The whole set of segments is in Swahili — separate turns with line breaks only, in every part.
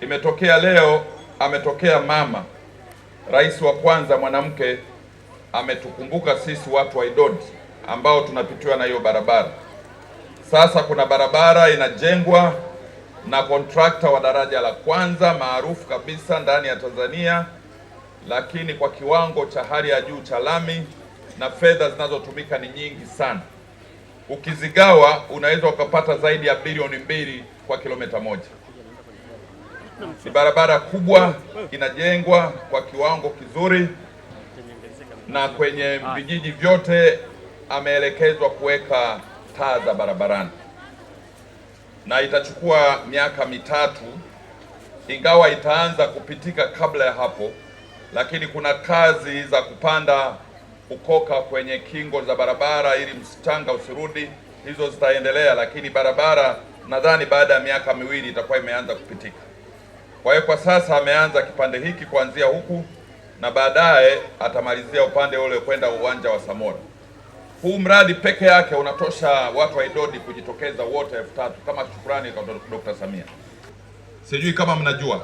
Imetokea leo ametokea mama rais wa kwanza mwanamke, ametukumbuka sisi watu wa Idodi ambao tunapitiwa na hiyo barabara. Sasa kuna barabara inajengwa na kontrakta wa daraja la kwanza maarufu kabisa ndani ya Tanzania, lakini kwa kiwango cha hali ya juu cha lami, na fedha zinazotumika ni nyingi sana. Ukizigawa unaweza ukapata zaidi ya bilioni mbili kwa kilomita moja. Ni barabara kubwa inajengwa kwa kiwango kizuri, na kwenye vijiji vyote ameelekezwa kuweka taa za barabarani, na itachukua miaka mitatu, ingawa itaanza kupitika kabla ya hapo, lakini kuna kazi za kupanda ukoka kwenye kingo za barabara ili mchanga usirudi. Hizo zitaendelea, lakini barabara nadhani baada ya miaka miwili itakuwa imeanza kupitika. Kwa hiyo kwa sasa ameanza kipande hiki kuanzia huku na baadaye atamalizia upande ule kwenda uwanja wa Samora. Huu mradi peke yake unatosha watu wa Idodi kujitokeza wote elfu tatu kama shukrani kwa Dr. Samia. Sijui kama mnajua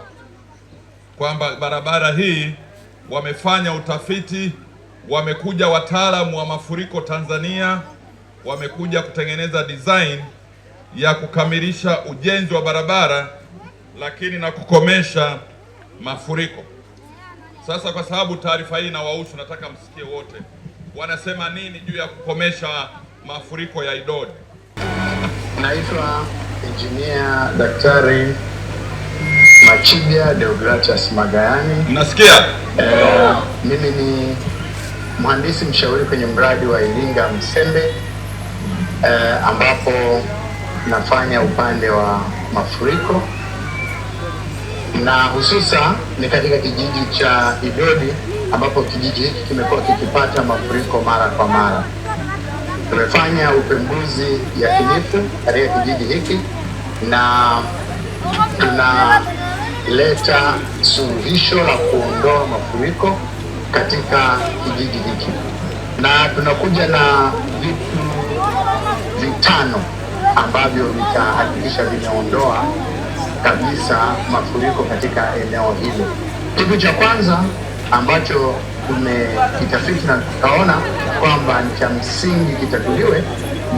kwamba barabara hii wamefanya utafiti, wamekuja wataalamu wa mafuriko Tanzania, wamekuja kutengeneza design ya kukamilisha ujenzi wa barabara lakini na kukomesha mafuriko. Sasa kwa sababu taarifa hii inawahusu, nataka msikie wote wanasema nini juu ya kukomesha mafuriko ya Idodi.
Naitwa Injinia Daktari Machibia Deogratias Magayani. nasikia eh, mimi ni mhandisi mshauri kwenye mradi wa Iringa Msembe eh, ambapo nafanya upande wa mafuriko na hususa ni katika kijiji cha Idodi ambapo kijiji hiki kimekuwa kikipata mafuriko mara kwa mara. Tumefanya upembuzi yakinifu katika kijiji hiki na tunaleta suluhisho la kuondoa mafuriko katika kijiji hiki, na tunakuja na vitu vitano ambavyo vitahakikisha vimeondoa kabisa mafuriko katika eneo hilo. Kitu cha kwanza ambacho tumekitafiti na tukaona kwamba ni cha msingi kitatuliwe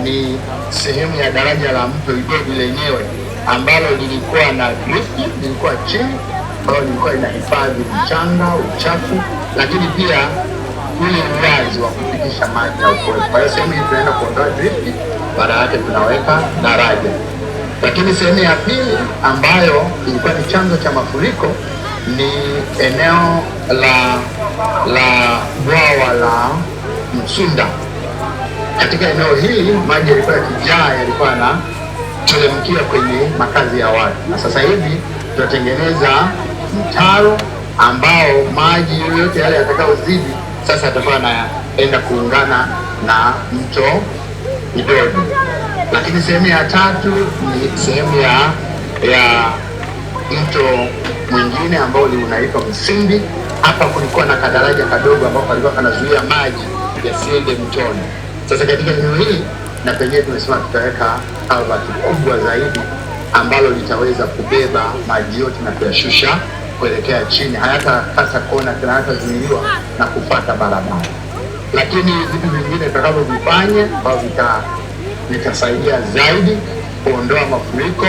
ni sehemu ya daraja la mto Igogo lenyewe ambalo lilikuwa na drifti, lilikuwa chini, ambayo lilikuwa inahifadhi mchanga, uchafu, lakini pia ule uwazi wa kupitisha maji na ukoe. Kwa hiyo sehemu hii tunaenda kuondoa drifti, baada yake tunaweka daraja. Lakini sehemu ya pili ambayo ilikuwa ni chanzo cha mafuriko ni eneo la la bwawa la Msunda. Katika eneo hili maji yalikuwa yakijaa, yalikuwa yanateremkia kwenye makazi ya watu, na sasa hivi tunatengeneza mtaro ambao maji yoyote yale yatakayozidi sasa yatakuwa yanaenda kuungana na mto Idodo. Lakini sehemu ya tatu ni sehemu ya ya mto mwingine ambao unaitwa Msimbi. Hapa kulikuwa na kadaraja kadogo ambao kalikuwa kanazuia maji yasiende mtoni. Sasa katika eneo hili na penyewe tumesema tutaweka albat kubwa zaidi ambalo litaweza kubeba maji yote na kuyashusha kuelekea chini, kasa kona tena, hayatazuiliwa na kufata barabara. Lakini vitu vingine tutakavyovifanya ambavyo vita nikasaidia zaidi kuondoa mafuriko,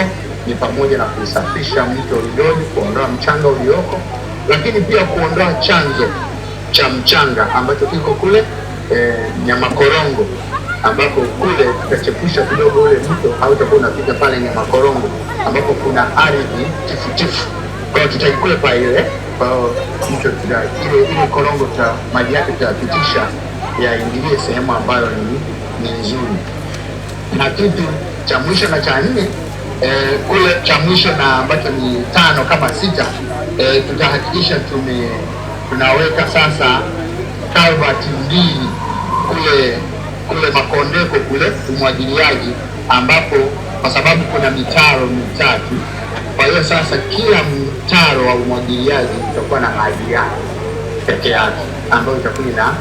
ni pamoja na kusafisha mto Rudoni, kuondoa mchanga ulioko, lakini pia kuondoa chanzo cha mchanga ambacho kiko kule e, Nyamakorongo ambapo kule tutachepusha kidogo ule mto hautakuwa unapita pale Nyamakorongo ambapo kuna ardhi tifutifu, kwa tutaikwepa ile ile korongo ta maji yake tutayapitisha yaingilie sehemu ambayo ni nzuri na kitu cha mwisho na cha nne eh, kule cha mwisho na ambacho ni tano kama sita eh, tutahakikisha tume tunaweka sasa kalvati mbili kule kule Makondeko kule umwagiliaji, ambapo kwa sababu kuna mitaro mitatu, kwa hiyo sasa kila mtaro wa umwagiliaji utakuwa na maji yake peke yake ambayo itakuwa na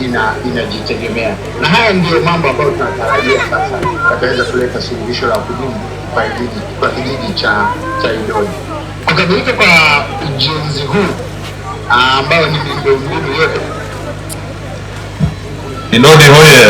ina inajitegemea, na haya ndiyo mambo ambayo tunatarajia sasa yataweza kuleta suluhisho la kudumu kwa kijiji cha cha Idodi. Kukamilika kwa ujenzi huu ah, ambayo ni miundombinu yote Idodi hoye